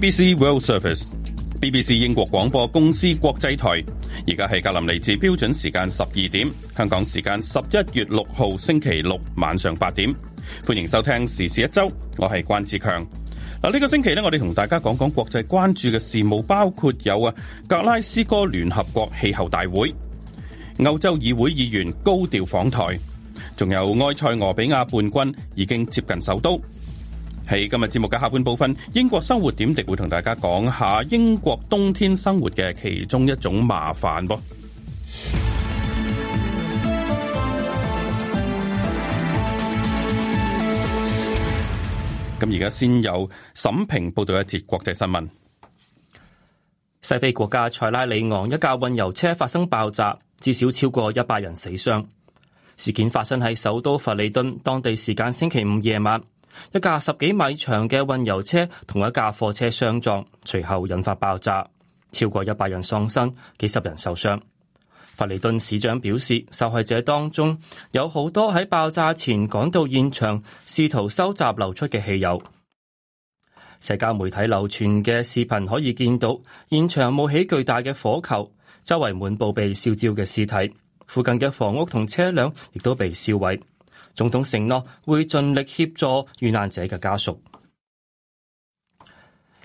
BBC World Service，BBC 英國廣播公司國際台，而家係格林尼治標準時間十二點，香港時間十一月六號星期六晚上八點，歡迎收聽時事一周，我係關志強。嗱，呢個星期咧，我哋同大家講講國際關注嘅事務，包括有啊格拉斯哥聯合國氣候大會，歐洲議會議員高調訪台，仲有埃塞俄比亞叛軍已經接近首都。喺、hey, 今日節目嘅下半部分，英國生活點滴會同大家講下英國冬天生活嘅其中一種麻煩噃。咁而家先有沈平報道一節國際新聞。西非國家塞拉里昂一架運油車發生爆炸，至少超過一百人死傷。事件發生喺首都弗里敦，當地時間星期五夜晚。一架十幾米長嘅運油車同一架貨車相撞，隨後引發爆炸，超過一百人喪生，幾十人受傷。法利頓市長表示，受害者當中有好多喺爆炸前趕到現場，試圖收集流出嘅汽油。社交媒體流傳嘅視頻可以見到，現場冒起巨大嘅火球，周圍滿布被燒焦嘅屍體，附近嘅房屋同車輛亦都被燒毀。總統承諾會盡力協助遇難者嘅家屬。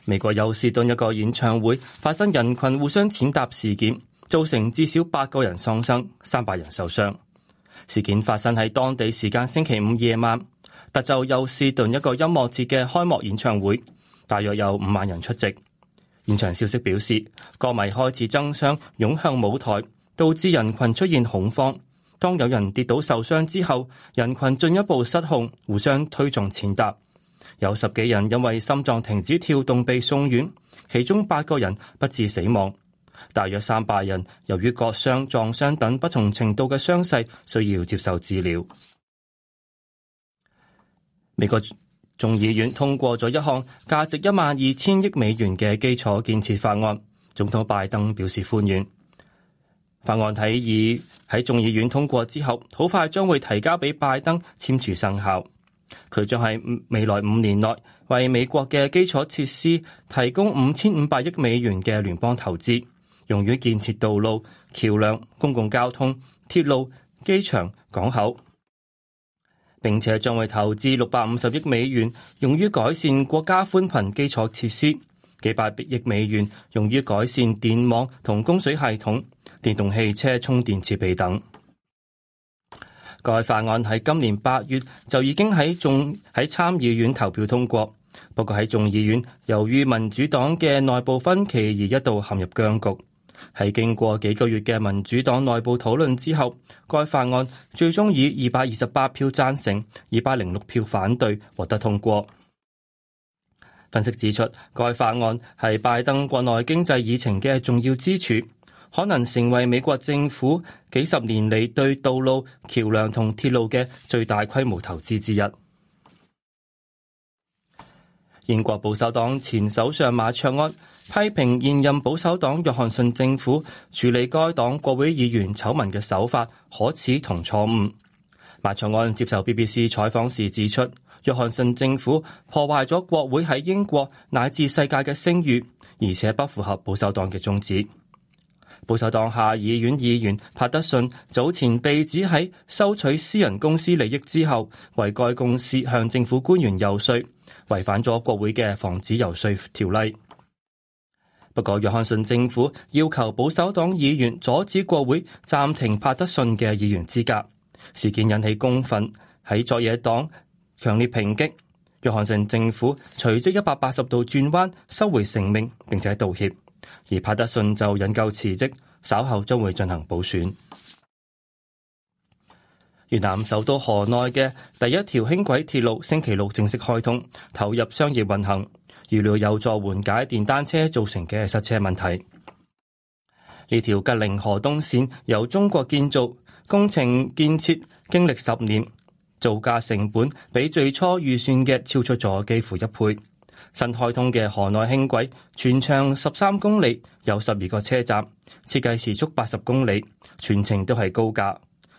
美國休士頓一個演唱會發生人群互相踐踏事件，造成至少八個人喪生，三百人受傷。事件發生喺當地時間星期五夜晚，德州休士頓一個音樂節嘅開幕演唱會，大約有五萬人出席。現場消息表示，歌迷開始爭相湧向舞台，導致人群出現恐慌。當有人跌倒受傷之後，人群進一步失控，互相推撞踐踏，有十幾人因為心臟停止跳動被送院，其中八個人不治死亡。大約三百人由於割傷、撞傷等不同程度嘅傷勢，需要接受治療。美國眾議院通過咗一項價值一萬二千億美元嘅基礎建設法案，總統拜登表示歡迎。法案提議喺眾議院通過之後，好快將會提交俾拜登簽署生效。佢將喺未來五年內為美國嘅基礎設施提供五千五百億美元嘅聯邦投資，用於建設道路、橋梁、公共交通、鐵路、機場、港口。並且將會投資六百五十億美元，用於改善國家寬頻基礎設施。幾百億美元用於改善電網同供水系統、電動汽車充電設備等。該法案喺今年八月就已經喺眾喺參議院投票通過，不過喺眾議院，由於民主黨嘅內部分歧而一度陷入僵局。喺經過幾個月嘅民主黨內部討論之後，該法案最終以二百二十八票贊成、二百零六票反對獲得通過。分析指出，該法案係拜登國內經濟議程嘅重要支柱，可能成為美國政府幾十年嚟對道路、橋樑同鐵路嘅最大規模投資之一。英國保守黨前首相馬卓安批評現任保守黨約翰遜政府處理該黨國會議員醜聞嘅手法可恥同錯誤，馬卓安接受 BBC 採訪時指出。約翰遜政府破壞咗國會喺英國乃至世界嘅聲譽，而且不符合保守黨嘅宗旨。保守黨下議院議員帕德遜早前被指喺收取私人公司利益之後，為該公司向政府官員游說，違反咗國會嘅防止游說條例。不過，約翰遜政府要求保守黨議員阻止國會暫停帕德遜嘅議員資格，事件引起公憤，喺在野黨。強烈抨擊，約翰遜政府隨即一百八十度轉彎，收回成命，並且道歉。而帕德遜就引咎辭職，稍後將會進行補選。越南首都河內嘅第一條輕軌鐵路星期六正式開通，投入商業運行，預料有助緩解電單車造成嘅塞車問題。呢條吉靈河東線由中國建築工程建設，經歷十年。造價成本比最初預算嘅超出咗幾乎一倍。新開通嘅河內輕軌全長十三公里，有十二個車站，設計時速八十公里，全程都係高架。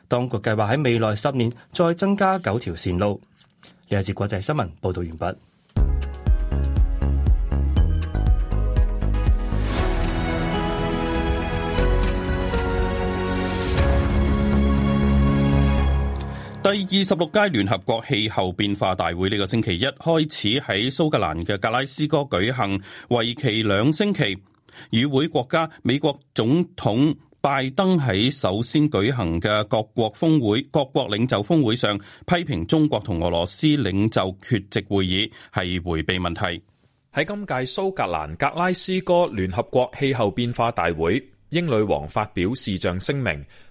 當局計劃喺未來十年再增加九條線路。呢一節國際新聞報道完畢。第二十六屆聯合國氣候變化大會呢個星期一開始喺蘇格蘭嘅格拉斯哥舉行，為期兩星期。與會國家美國總統拜登喺首先舉行嘅各國峰會，各國領袖峰會上批評中國同俄羅斯領袖缺席會議係迴避問題。喺今屆蘇格蘭格拉斯哥聯合國氣候變化大會，英女王發表視像聲明。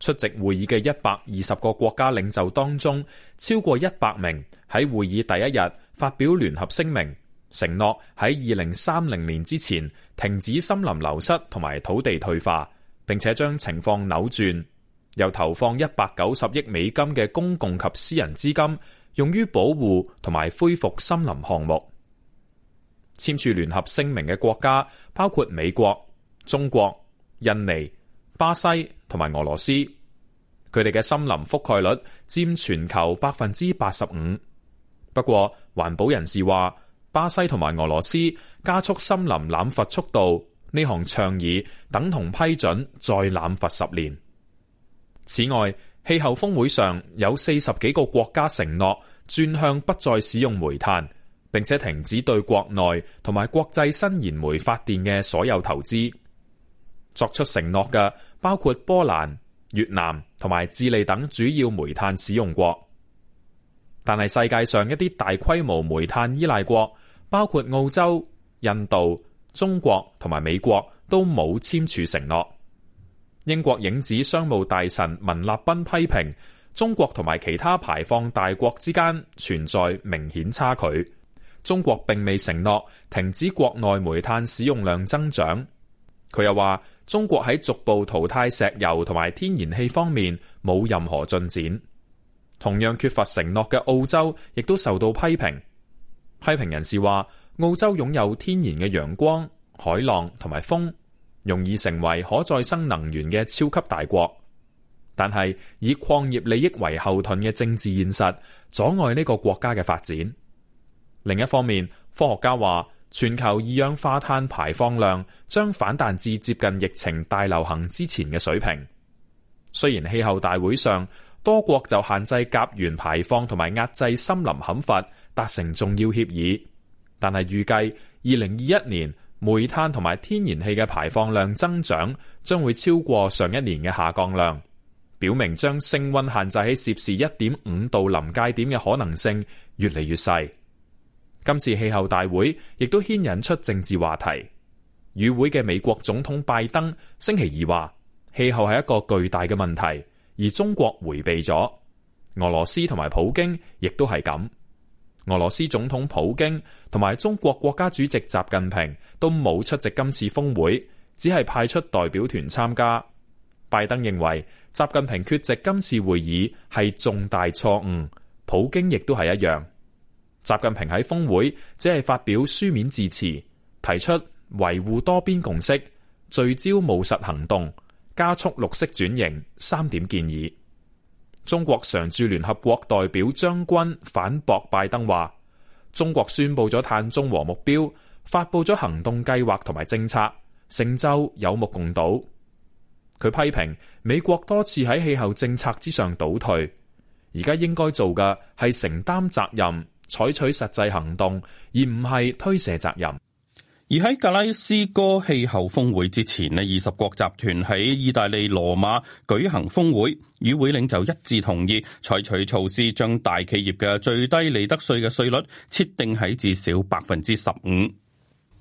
出席會議嘅一百二十個國家領袖當中，超過一百名喺會議第一日發表聯合聲明，承諾喺二零三零年之前停止森林流失同埋土地退化，並且將情況扭轉，又投放一百九十億美金嘅公共及私人資金，用於保護同埋恢復森林項目。簽署聯合聲明嘅國家包括美國、中國、印尼。巴西同埋俄羅斯，佢哋嘅森林覆蓋率佔全球百分之八十五。不過環保人士話，巴西同埋俄羅斯加速森林濫伐速度，呢項倡議等同批准再濫伐十年。此外，氣候峰會上有四十幾個國家承諾轉向不再使用煤炭，並且停止對國內同埋國際新燃煤發電嘅所有投資。作出承諾嘅包括波蘭、越南同埋智利等主要煤炭使用國，但係世界上一啲大規模煤炭依賴國，包括澳洲、印度、中國同埋美國，都冇簽署承諾。英國影子商務大臣文立斌批評中國同埋其他排放大國之間存在明顯差距，中國並未承諾停止國內煤炭使用量增長。佢又話。中國喺逐步淘汰石油同埋天然氣方面冇任何進展，同樣缺乏承諾嘅澳洲亦都受到批評。批評人士話，澳洲擁有天然嘅陽光、海浪同埋風，容易成為可再生能源嘅超級大國，但係以礦業利益為後盾嘅政治現實阻礙呢個國家嘅發展。另一方面，科學家話。全球二氧化碳排放量將反彈至接近疫情大流行之前嘅水平。雖然氣候大會上多國就限制甲烷排放同埋壓制森林砍伐達成重要協議，但係預計二零二一年煤炭同埋天然氣嘅排放量增長將會超過上一年嘅下降量，表明將升溫限制喺攝氏一點五度臨界點嘅可能性越嚟越細。今次氣候大會亦都牽引出政治話題。與會嘅美國總統拜登星期二話，氣候係一個巨大嘅問題，而中國回避咗。俄羅斯同埋普京亦都係咁。俄羅斯總統普京同埋中國國家主席習近平都冇出席今次峰會，只係派出代表團參加。拜登認為習近平缺席今次會議係重大錯誤，普京亦都係一樣。習近平喺峰會只係發表書面致辭，提出維護多邊共識、聚焦務實行動、加速綠色轉型三點建議。中國常駐聯合國代表張軍反駁拜登話，中國宣布咗碳中和目標，發布咗行動計劃同埋政策，成就有目共睹。佢批評美國多次喺氣候政策之上倒退，而家應該做嘅係承擔責任，採取實際行動，而唔係推卸責任。而喺格拉斯哥氣候峰會之前咧，二十國集團喺意大利羅馬舉行峰會，與會領袖一致同意採取措施，將大企業嘅最低利得稅嘅稅率設定喺至少百分之十五。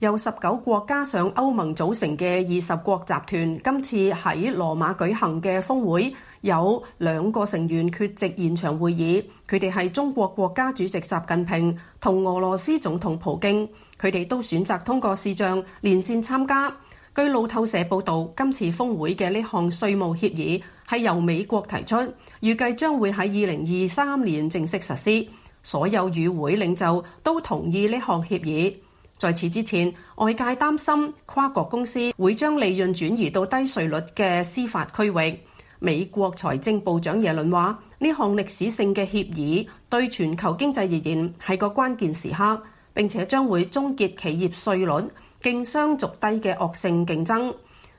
由十九國加上歐盟組成嘅二十國集團今次喺羅馬舉行嘅峰會，有兩個成員缺席現場會議。佢哋係中國國家主席習近平同俄羅斯總統普京，佢哋都選擇通過視像連線參加。據路透社報道，今次峰會嘅呢項稅務協議係由美國提出，預計將會喺二零二三年正式實施。所有與會領袖都同意呢項協議。在此之前，外界擔心跨國公司會將利潤轉移到低稅率嘅司法區域。美國財政部長耶倫話：呢項歷史性嘅協議對全球經濟而言係個關鍵時刻，並且將會終結企業稅率競相逐低嘅惡性競爭。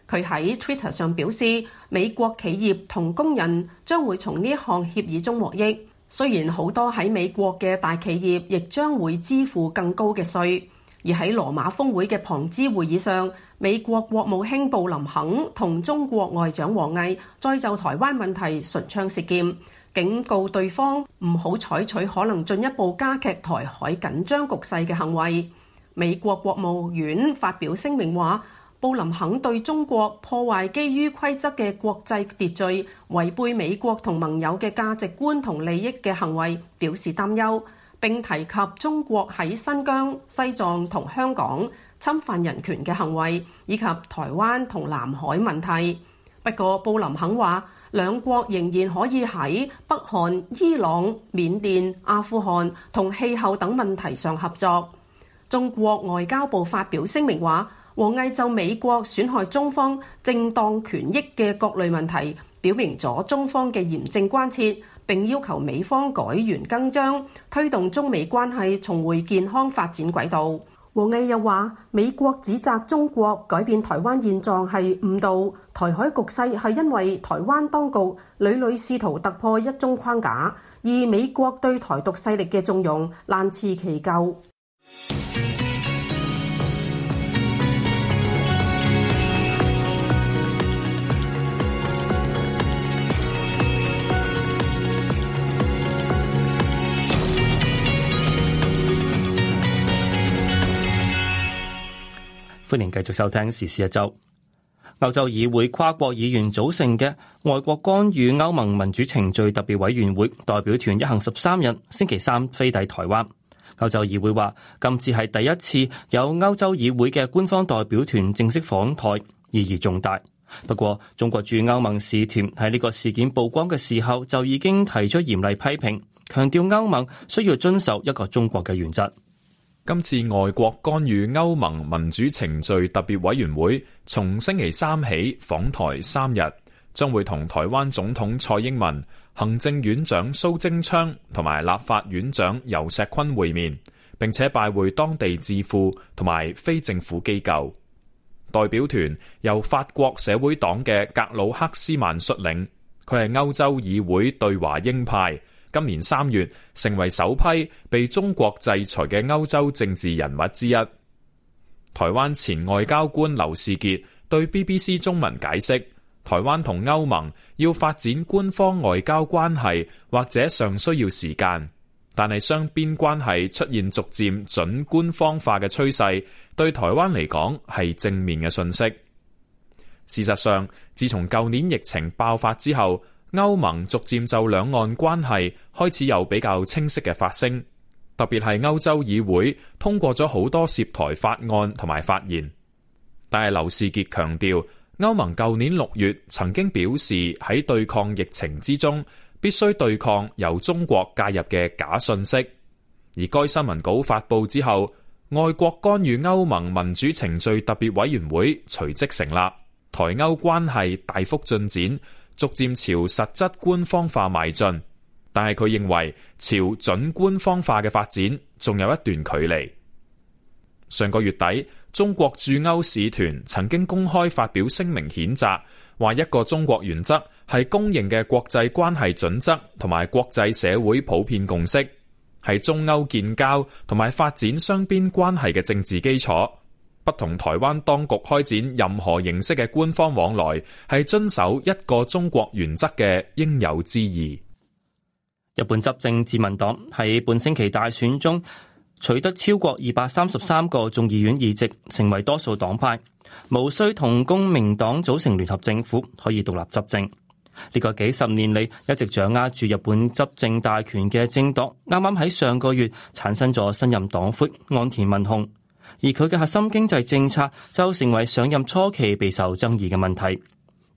佢喺 Twitter 上表示，美國企業同工人將會從呢項協議中獲益，雖然好多喺美國嘅大企業亦將會支付更高嘅稅。而喺羅馬峰會嘅旁支會議上，美國國務卿布林肯同中國外長王毅再就台灣問題唇槍舌劍，警告對方唔好採取可能進一步加劇台海緊張局勢嘅行為。美國國務院發表聲明話，布林肯對中國破壞基於規則嘅國際秩序、違背美國同盟友嘅價值觀同利益嘅行為表示擔憂。並提及中國喺新疆、西藏同香港侵犯人權嘅行為，以及台灣同南海問題。不過，布林肯話兩國仍然可以喺北韓、伊朗、緬甸、阿富汗同氣候等問題上合作。中國外交部發表聲明話，王毅就美國損害中方正當權益嘅各類問題，表明咗中方嘅嚴正關切。並要求美方改弦更張，推動中美關係重回健康發展軌道。王毅又話：美國指責中國改變台灣現狀係誤導，台海局勢係因為台灣當局屢屢試圖突破一中框架，而美國對台獨勢力嘅縱容難辭其咎。歡迎繼續收聽時事一周。歐洲議會跨國議員組成嘅外國干預歐盟民主程序特別委員會代表團一行十三日星期三飛抵台灣。歐洲議會話，今次係第一次有歐洲議會嘅官方代表團正式訪台，意義重大。不過，中國駐歐盟使團喺呢個事件曝光嘅時候就已經提出嚴厲批評，強調歐盟需要遵守一個中國嘅原則。今次外國干預歐盟民主程序特別委員會從星期三起訪台三日，將會同台灣總統蔡英文、行政院長蘇貞昌同埋立法院長游錫堃會面，並且拜會當地智庫同埋非政府機構。代表團由法國社會黨嘅格魯克斯曼率領，佢係歐洲議會對華鷹派。今年三月，成為首批被中國制裁嘅歐洲政治人物之一。台灣前外交官劉士杰對 BBC 中文解釋：台灣同歐盟要發展官方外交關係，或者尚需要時間，但係雙邊關係出現逐漸準官方化嘅趨勢，對台灣嚟講係正面嘅信息。事實上，自從舊年疫情爆發之後。歐盟逐漸就兩岸關係開始有比較清晰嘅發聲，特別係歐洲議會通過咗好多涉台法案同埋發言。但係劉士杰強調，歐盟舊年六月曾經表示喺對抗疫情之中，必須對抗由中國介入嘅假信息。而該新聞稿發佈之後，外國干預歐盟民主程序特別委員會隨即成立，台歐關係大幅進展。逐漸朝實質官方化邁進，但係佢認為朝準官方化嘅發展仲有一段距離。上個月底，中國駐歐使團曾經公開發表聲明譴責，話一個中國原則係公認嘅國際關係準則同埋國際社會普遍共識，係中歐建交同埋發展雙邊關係嘅政治基礎。不同台灣當局開展任何形式嘅官方往來，係遵守一個中國原則嘅應有之義。日本執政自民黨喺半星期大選中取得超過二百三十三個眾議院議席，成為多數黨派，無需同公明黨組成聯合政府，可以獨立執政。呢、這個幾十年嚟一直掌握住日本執政大權嘅政黨，啱啱喺上個月產生咗新任黨魁岸田文雄。而佢嘅核心經濟政策就成為上任初期備受爭議嘅問題。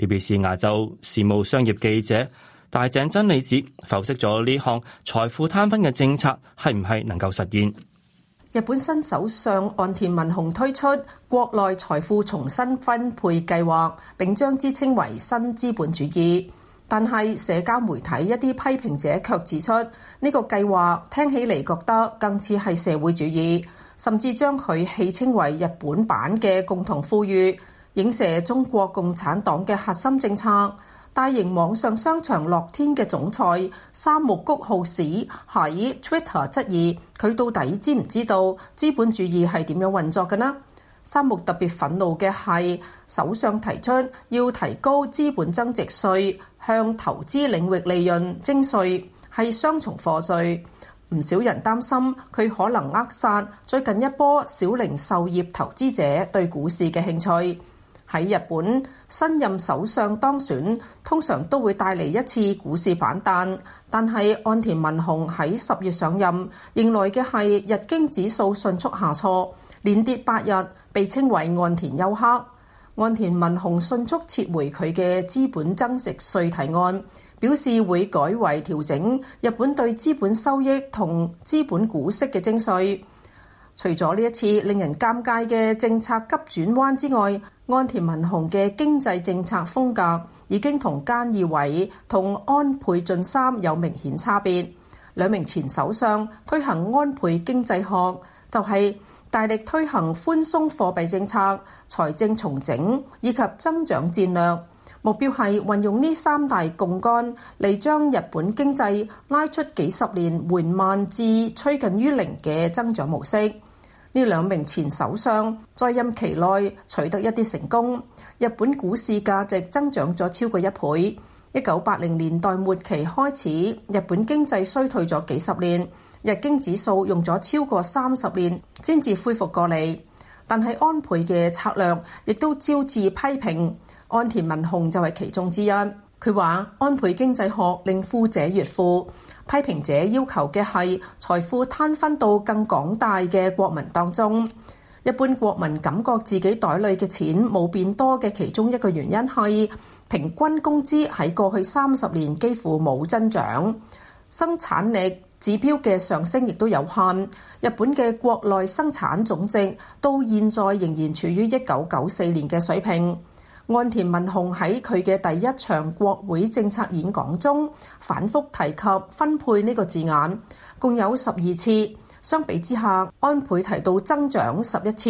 BBC 亞洲事務商業記者大井真理子剖析咗呢項財富攤分嘅政策係唔係能夠實現。日本新首相岸田文雄推出國內財富重新分配計劃，並將之稱為新資本主義。但係社交媒體一啲批評者卻指出，呢個計劃聽起嚟覺得更似係社會主義。甚至將佢戲稱為日本版嘅共同富裕，影射中國共產黨嘅核心政策。大型網上商場樂天嘅總裁三木谷浩史喺 Twitter 質疑佢到底知唔知道資本主義係點樣運作嘅呢？三木特別憤怒嘅係首相提出要提高資本增值稅，向投資領域利潤徵稅係雙重課稅。唔少人擔心佢可能扼殺最近一波小零售業投資者對股市嘅興趣。喺日本，新任首相當選通常都會帶嚟一次股市反彈，但係岸田文雄喺十月上任，迎來嘅係日經指數迅速下挫，連跌八日，被稱為岸田休克。岸田文雄迅速撤回佢嘅資本增值稅提案。表示會改為調整日本對資本收益同資本股息嘅徵稅。除咗呢一次令人尷尬嘅政策急轉彎之外，岸田文雄嘅經濟政策風格已經同菅義偉同安倍晉三有明顯差別。兩名前首相推行安倍經濟學，就係大力推行寬鬆貨幣政策、財政重整以及增長戰略。目標係運用呢三大槓桿嚟將日本經濟拉出幾十年緩慢至趨近於零嘅增長模式。呢兩名前首相在任期內取得一啲成功，日本股市價值增長咗超過一倍。一九八零年代末期開始，日本經濟衰退咗幾十年，日經指數用咗超過三十年先至恢復過嚟。但係安倍嘅策略亦都招致批評。安田文雄就係其中之一。佢話：安倍經濟學令富者越富，批評者要求嘅係財富攤分到更廣大嘅國民當中。一般國民感覺自己袋裏嘅錢冇變多嘅其中一個原因係平均工資喺過去三十年幾乎冇增長，生產力指標嘅上升亦都有限。日本嘅國內生產總值到現在仍然處於一九九四年嘅水平。岸田文雄喺佢嘅第一場國會政策演講中，反覆提及分配呢個字眼，共有十二次。相比之下，安倍提到增長十一次，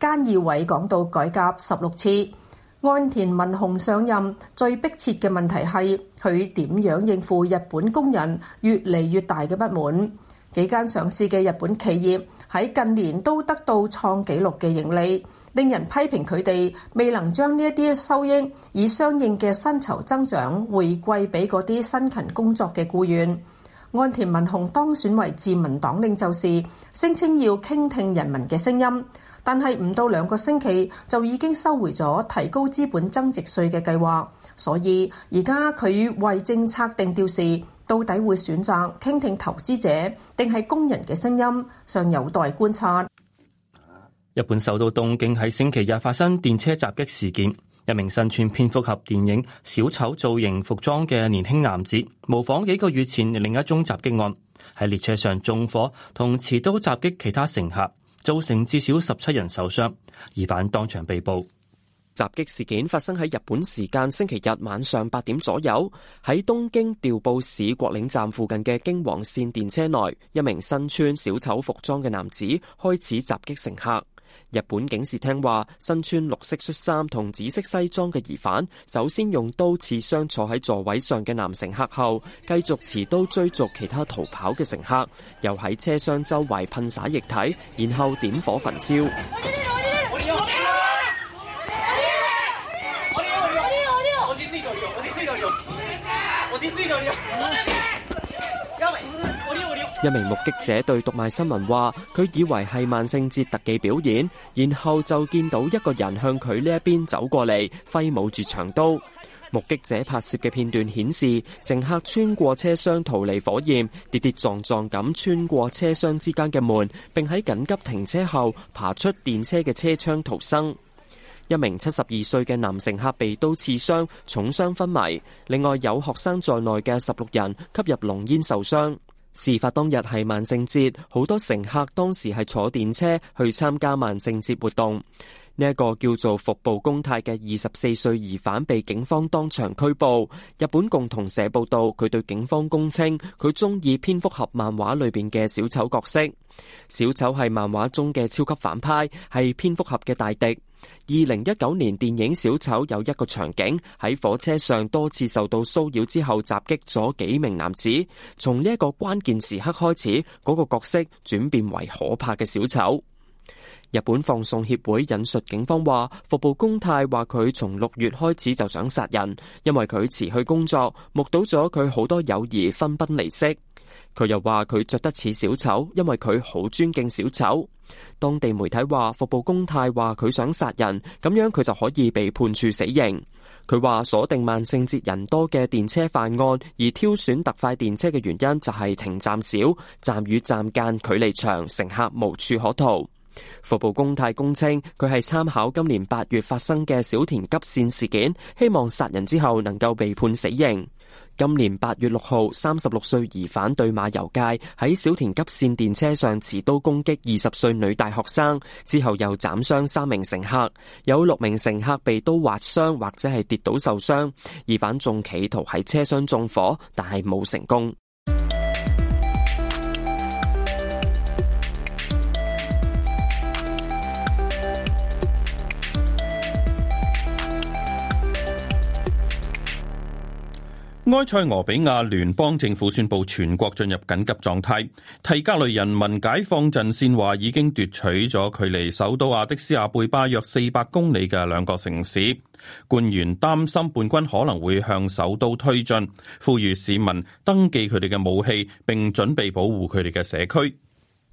菅義偉講到改革十六次。岸田文雄上任最迫切嘅問題係佢點樣應付日本工人越嚟越大嘅不滿。幾間上市嘅日本企業喺近年都得到創紀錄嘅盈利。令人批評佢哋未能將呢一啲收益以相應嘅薪酬增長回饋俾嗰啲辛勤工作嘅僱員。岸田文雄當選為自民黨領袖時，聲稱要傾聽人民嘅聲音，但係唔到兩個星期就已經收回咗提高資本增值稅嘅計劃。所以而家佢為政策定調時，到底會選擇傾聽投資者定係工人嘅聲音，尚有待觀察。日本首都東京喺星期日發生電車襲擊事件，一名身穿蝙蝠俠電影小丑造型服裝嘅年輕男子模仿幾個月前另一宗襲擊案喺列車上縱火，同持刀襲擊其他乘客，造成至少十七人受傷，疑犯當場被捕。襲擊事件發生喺日本時間星期日晚上八點左右，喺東京調布市國領站附近嘅京王線電車內，一名身穿小丑服裝嘅男子開始襲擊乘客。日本警視廳話，身穿綠色恤衫同紫色西裝嘅疑犯，首先用刀刺傷坐喺座位上嘅男乘客後，繼續持刀追逐其他逃跑嘅乘客，又喺車廂周圍噴灑液體，然後點火焚燒。一名目擊者對讀賣新聞話，佢以為係萬聖節特技表演，然後就見到一個人向佢呢一邊走過嚟，揮舞住長刀。目擊者拍攝嘅片段顯示，乘客穿過車廂逃離火焰，跌跌撞撞咁穿過車廂之間嘅門，並喺緊急停車後爬出電車嘅車窗逃生。一名七十二歲嘅男乘客被刀刺傷，重傷昏迷。另外有學生在內嘅十六人吸入濃煙受傷。事發當日係萬聖節，好多乘客當時係坐電車去參加萬聖節活動。呢、這、一個叫做服部公太嘅二十四歲疑犯被警方當場拘捕。日本共同社報道，佢對警方供稱，佢中意蝙蝠俠漫畫裏邊嘅小丑角色。小丑係漫畫中嘅超級反派，係蝙蝠俠嘅大敵。二零一九年電影小丑有一個場景，喺火車上多次受到騷擾之後襲擊咗幾名男子，從呢一個關鍵時刻開始，嗰、那個角色轉變為可怕嘅小丑。日本放送協會引述警方話，服部公泰話佢從六月開始就想殺人，因為佢辭去工作，目睹咗佢好多友誼分崩離析。佢又話：佢着得似小丑，因為佢好尊敬小丑。當地媒體話，服部公太話佢想殺人，咁樣佢就可以被判處死刑。佢話鎖定萬聖節人多嘅電車犯案，而挑選特快電車嘅原因就係停站少，站與站間距離長，乘客無處可逃。服部公太供稱，佢係參考今年八月發生嘅小田急線事件，希望殺人之後能夠被判死刑。今年八月六號，三十六歲疑犯對馬游街，喺小田急線電車上持刀攻擊二十歲女大學生，之後又斬傷三名乘客，有六名乘客被刀劃傷或者係跌倒受傷，疑犯仲企圖喺車廂縱火，但係冇成功。埃塞俄比亞聯邦政府宣布全國進入緊急狀態。提格雷人民解放陣線話已經奪取咗距離首都阿迪斯亞貝巴約四百公里嘅兩個城市。官員擔心叛軍可能會向首都推進，呼籲市民登記佢哋嘅武器，並準備保護佢哋嘅社區。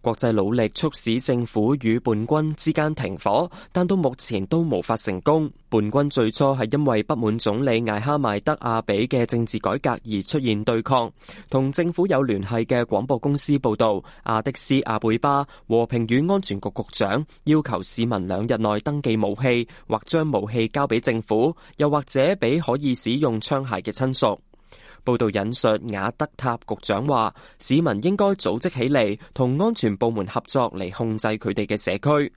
國際努力促使政府與叛軍之間停火，但到目前都無法成功。叛軍最初係因為不滿總理艾哈邁德阿比嘅政治改革而出現對抗。同政府有聯繫嘅廣播公司報道，阿迪斯阿貝巴和平與安全局局長要求市民兩日內登記武器，或將武器交俾政府，又或者俾可以使用槍械嘅親屬。報道引述雅德塔局長話：市民應該組織起嚟，同安全部門合作嚟控制佢哋嘅社區。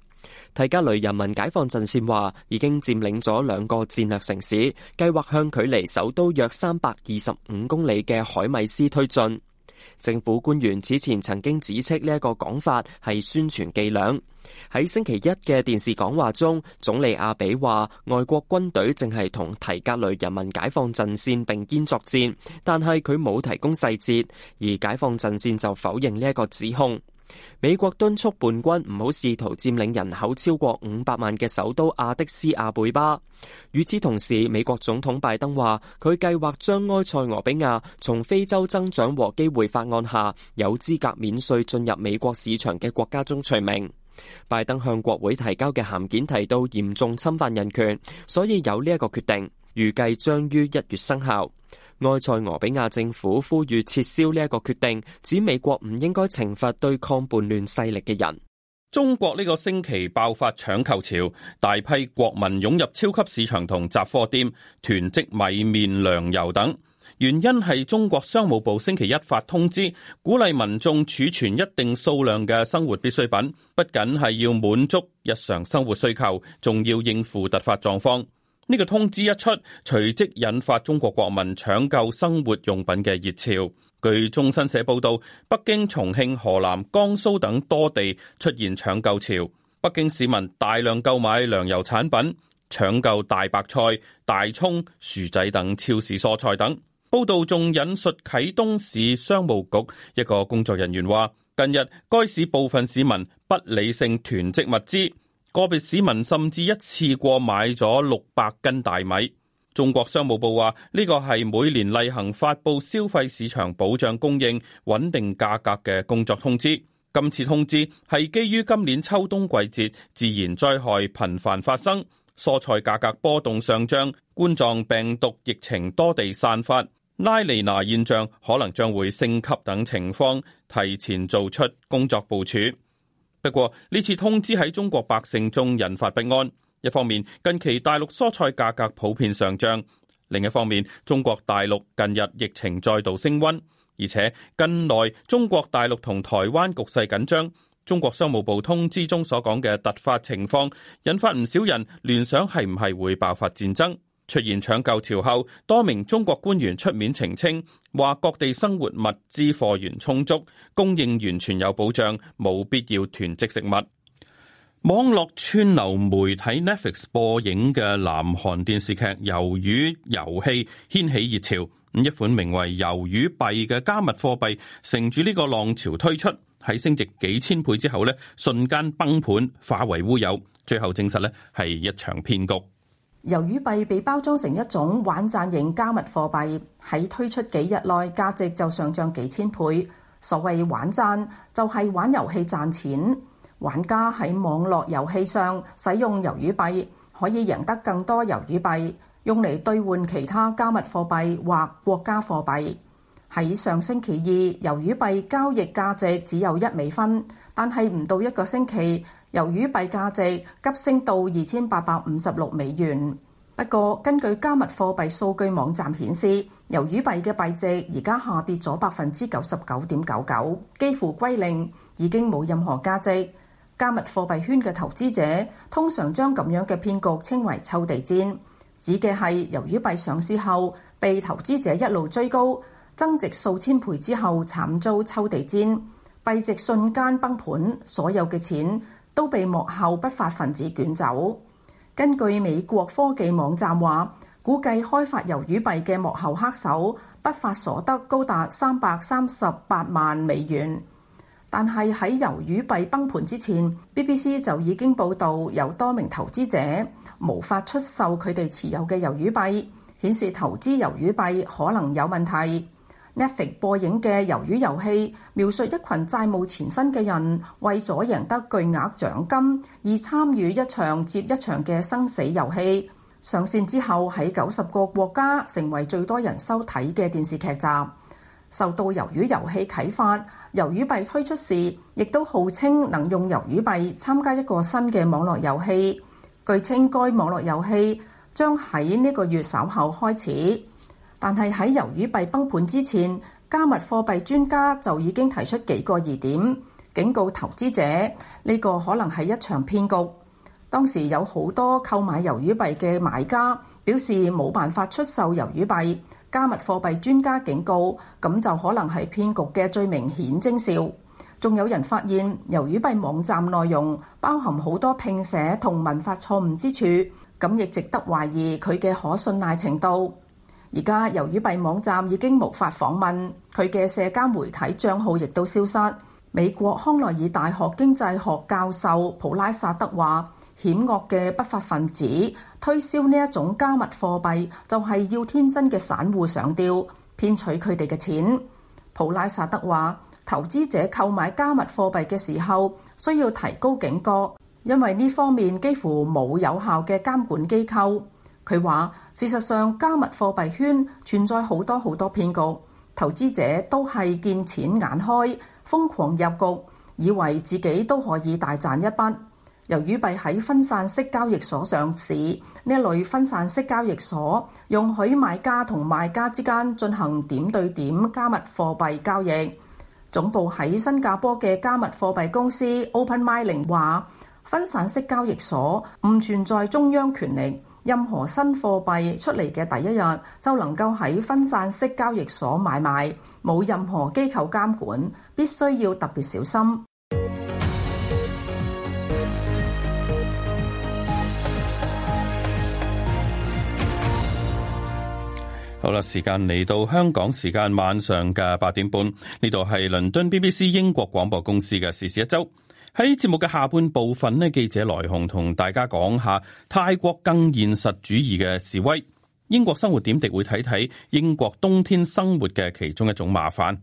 提加雷人民解放陣線話已經佔領咗兩個戰略城市，計劃向距離首都約三百二十五公里嘅海米斯推進。政府官員此前曾經指斥呢一個講法係宣傳伎倆。喺星期一嘅電視講話中，總理阿比話，外國軍隊正係同提格雷人民解放陣線並肩作戰，但係佢冇提供細節，而解放陣線就否認呢一個指控。美國敦促叛軍唔好試圖佔領人口超過五百萬嘅首都亞的斯亞貝巴。與此同時，美國總統拜登話，佢計劃將埃塞俄比亞從非洲增長和機會法案下有資格免稅進入美國市場嘅國家中除名。拜登向國會提交嘅函件提到嚴重侵犯人權，所以有呢一個決定，預計將於一月生效。埃塞俄比亞政府呼籲撤銷呢一個決定，指美國唔應該懲罰對抗叛亂勢力嘅人。中國呢個星期爆發搶購潮，大批國民湧入超級市場同雜貨店，囤積米麪糧油等。原因係中國商務部星期一發通知，鼓勵民眾儲存一定數量嘅生活必需品，不僅係要滿足日常生活需求，仲要應付突發狀況。呢、這個通知一出，隨即引發中國國民搶購生活用品嘅熱潮。據中新社報道，北京、重慶、河南、江蘇等多地出現搶購潮。北京市民大量購買糧油產品，搶購大白菜、大葱、薯仔等超市蔬菜等。報道仲引述啟東市商務局一個工作人員話，近日該市部分市民不理性囤積物資，個別市民甚至一次過買咗六百斤大米。中國商務部話，呢個係每年例行發布消費市場保障供應、穩定價格嘅工作通知。今次通知係基於今年秋冬季節自然災害頻繁發生，蔬菜價格波動上漲，冠狀病毒疫情多地散發。拉尼娜現象可能將會升級等情況，提前做出工作部署。不過呢次通知喺中國百姓中引發不安。一方面，近期大陸蔬菜價格普遍上漲；另一方面，中國大陸近日疫情再度升溫，而且近來中國大陸同台灣局勢緊張。中國商務部通知中所講嘅突發情況，引發唔少人聯想係唔係會爆發戰爭。出現搶購潮後，多名中國官員出面澄清，話各地生活物資貨源充足，供應完全有保障，冇必要囤積食物。網絡串流媒體 Netflix 播映嘅南韓電視劇《魷魚遊戲》掀起熱潮，一款名為《魷魚幣》嘅加密貨幣乘住呢個浪潮推出，喺升值幾千倍之後呢瞬間崩盤，化為烏有，最後證實呢係一場騙局。魷魚幣被包裝成一種玩賺型加密貨幣，喺推出幾日內價值就上漲幾千倍。所謂玩賺就係、是、玩遊戲賺錢，玩家喺網絡遊戲上使用魷魚幣可以贏得更多魷魚幣，用嚟兌換其他加密貨幣或國家貨幣。喺上星期二，魷魚幣交易價值只有一美分，但係唔到一個星期。由於魷魚幣價值急升到二千八百五十六美元，不過根據加密貨幣數據網站顯示，魷魚幣嘅幣值而家下跌咗百分之九十九點九九，幾乎歸零，已經冇任何價值。加密貨幣圈嘅投資者通常將咁樣嘅騙局稱為抽地氈，指嘅係魷魚幣上市後被投資者一路追高，增值數千倍之後，慘遭抽地氈，幣值瞬間崩盤，所有嘅錢，都被幕後不法分子捲走。根據美國科技網站話，估計開發魷魚幣嘅幕後黑手不法所得高達三百三十八萬美元。但係喺魷魚幣崩盤之前，BBC 就已經報道有多名投資者無法出售佢哋持有嘅魷魚幣，顯示投資魷魚幣可能有問題。Netflix 播映嘅《魷魚遊戲》描述一群債務纏身嘅人，為咗贏得巨額獎金而參與一場接一場嘅生死遊戲。上線之後喺九十個國家成為最多人收睇嘅電視劇集。受到《魷魚遊戲》啟發，《魷魚幣》推出時亦都號稱能用魷魚幣參加一個新嘅網絡遊戲。據稱該網絡遊戲將喺呢個月稍後開始。但係喺魷魚幣崩盤之前，加密貨幣專家就已經提出幾個疑點，警告投資者呢、這個可能係一場騙局。當時有好多購買魷魚幣嘅買家表示冇辦法出售魷魚幣，加密貨幣專家警告咁就可能係騙局嘅最明顯徵兆。仲有人發現魷魚幣網站內容包含好多拼寫同文法錯誤之處，咁亦值得懷疑佢嘅可信賴程度。而家由於幣網站已經無法訪問，佢嘅社交媒體帳號亦都消失。美國康奈爾大學經濟學教授普拉薩德話，險惡嘅不法分子推銷呢一種加密貨幣，就係要天真嘅散戶上釣，騙取佢哋嘅錢。普拉薩德話，投資者購買加密貨幣嘅時候，需要提高警覺，因為呢方面幾乎冇有，有效嘅監管機構。佢話：事實上，加密貨幣圈存在好多好多騙局，投資者都係見錢眼開，瘋狂入局，以為自己都可以大賺一筆。由於幣喺分散式交易所上市，呢一類分散式交易所容許買家同賣家之間進行點對點加密貨幣交易。總部喺新加坡嘅加密貨幣公司 Open Mining 話，分散式交易所唔存在中央權力。任何新貨幣出嚟嘅第一日，就能夠喺分散式交易所買賣，冇任何機構監管，必須要特別小心。好啦，時間嚟到香港時間晚上嘅八點半，呢度係倫敦 BBC 英國廣播公司嘅《時事一周》。喺節目嘅下半部分呢，記者來鴻同大家講下泰國更現實主義嘅示威。英國生活點滴會睇睇英國冬天生活嘅其中一種麻煩。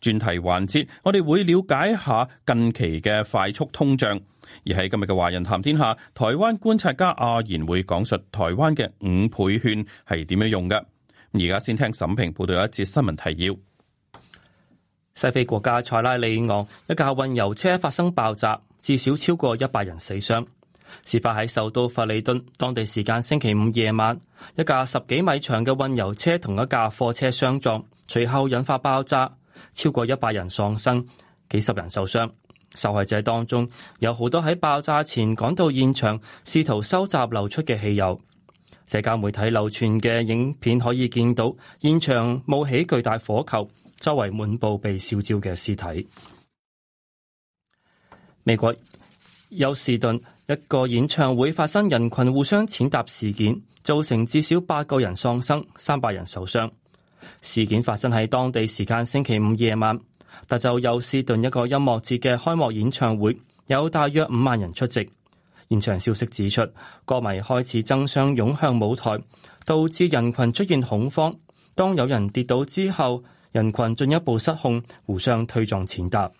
專題環節，我哋會了解一下近期嘅快速通脹。而喺今日嘅華人談天下，台灣觀察家阿賢會講述台灣嘅五倍券係點樣用嘅。而家先聽沈平報道有一節新聞提要。西非國家塞拉利昂一架運油車發生爆炸，至少超過一百人死傷。事發喺首都弗里敦，當地時間星期五夜晚，一架十幾米長嘅運油車同一架貨車相撞，隨後引發爆炸，超過一百人喪生，幾十人受傷。受害者當中有好多喺爆炸前趕到現場，試圖收集流出嘅汽油。社交媒體流傳嘅影片可以見到，現場冒起巨大火球。周圍滿佈被燒焦嘅屍體。美國休斯頓一個演唱會發生人群互相踐踏事件，造成至少八個人喪生，三百人受傷。事件發生喺當地時間星期五夜晚。德州休斯頓一個音樂節嘅開幕演唱會，有大約五萬人出席。現場消息指出，歌迷開始爭相湧向舞台，導致人群出現恐慌。當有人跌倒之後，人群進一步失控，互相推撞，踐踏。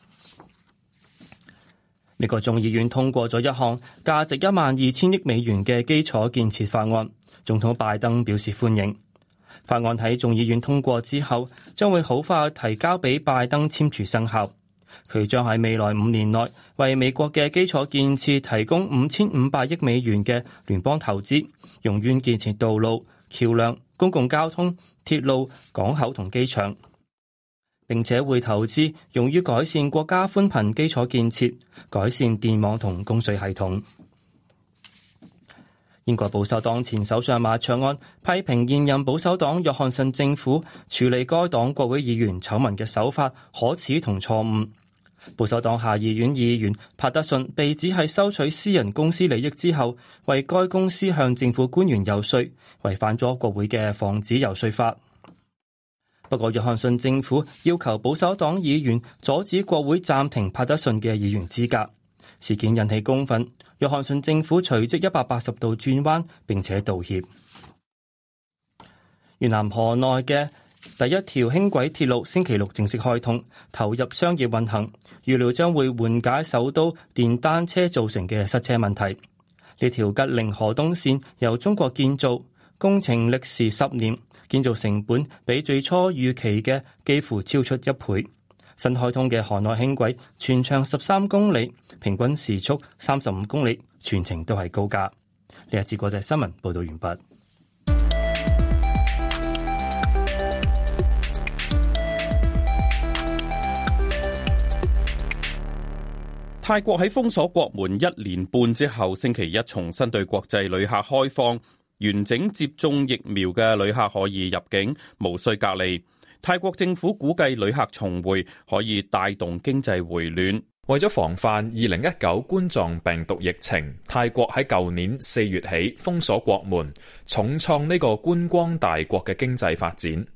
美國眾議院通過咗一項價值一萬二千億美元嘅基礎建設法案，總統拜登表示歡迎。法案喺眾議院通過之後，將會好快提交俾拜登簽署生效。佢將喺未來五年內為美國嘅基礎建設提供五千五百億美元嘅聯邦投資，用於建設道路、橋樑、公共交通、鐵路、港口同機場。並且會投資用於改善國家寬頻基礎建設、改善電網同供水系統。英國保守黨前首相馬卓安批評現任保守黨約翰遜政府處理該黨國會議員醜聞嘅手法可恥同錯誤。保守黨下議院議員帕德信被指係收取私人公司利益之後，為該公司向政府官員遊說，違反咗國會嘅防止遊說法。不過，約翰遜政府要求保守黨議員阻止國會暫停帕德遜嘅議員資格事件引起公憤，約翰遜政府隨即一百八十度轉彎並且道歉。越南河內嘅第一條輕軌鐵路星期六正式開通，投入商業運行，預料將會緩解首都電單車造成嘅塞車問題。呢條吉靈河東線由中國建造，工程歷時十年。建造成本比最初預期嘅幾乎超出一倍。新開通嘅河內輕軌全長十三公里，平均時速三十五公里，全程都係高架。呢一節國際新聞報導完畢。泰國喺封鎖國門一年半之後，星期一重新對國際旅客開放。完整接種疫苗嘅旅客可以入境，無需隔離。泰國政府估計旅客重回可以帶動經濟回暖。為咗防範二零一九冠狀病毒疫情，泰國喺舊年四月起封鎖國門，重創呢個觀光大國嘅經濟發展。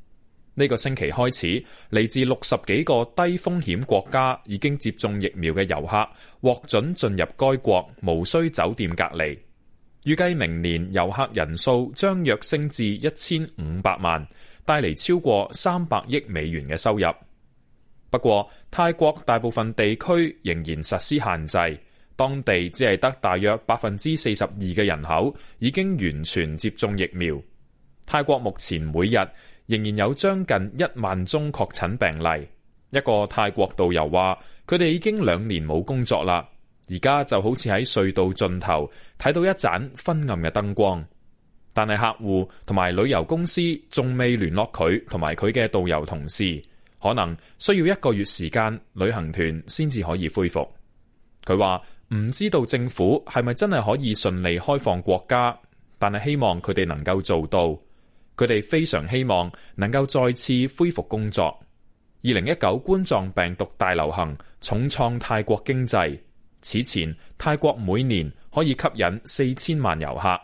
呢個星期開始，嚟自六十幾個低風險國家已經接種疫苗嘅遊客獲准進入該國，無需酒店隔離。預計明年遊客人數將躍升至一千五百萬，帶嚟超過三百億美元嘅收入。不過，泰國大部分地區仍然實施限制，當地只係得大約百分之四十二嘅人口已經完全接種疫苗。泰國目前每日仍然有將近一萬宗確診病例。一個泰國導遊話：佢哋已經兩年冇工作啦。而家就好似喺隧道盡頭睇到一盞昏暗嘅燈光，但係客戶同埋旅遊公司仲未聯絡佢，同埋佢嘅導遊同事，可能需要一個月時間，旅行團先至可以恢復。佢話唔知道政府係咪真係可以順利開放國家，但係希望佢哋能夠做到。佢哋非常希望能夠再次恢復工作。二零一九冠狀病毒大流行重創泰國經濟。此前，泰國每年可以吸引四千萬遊客，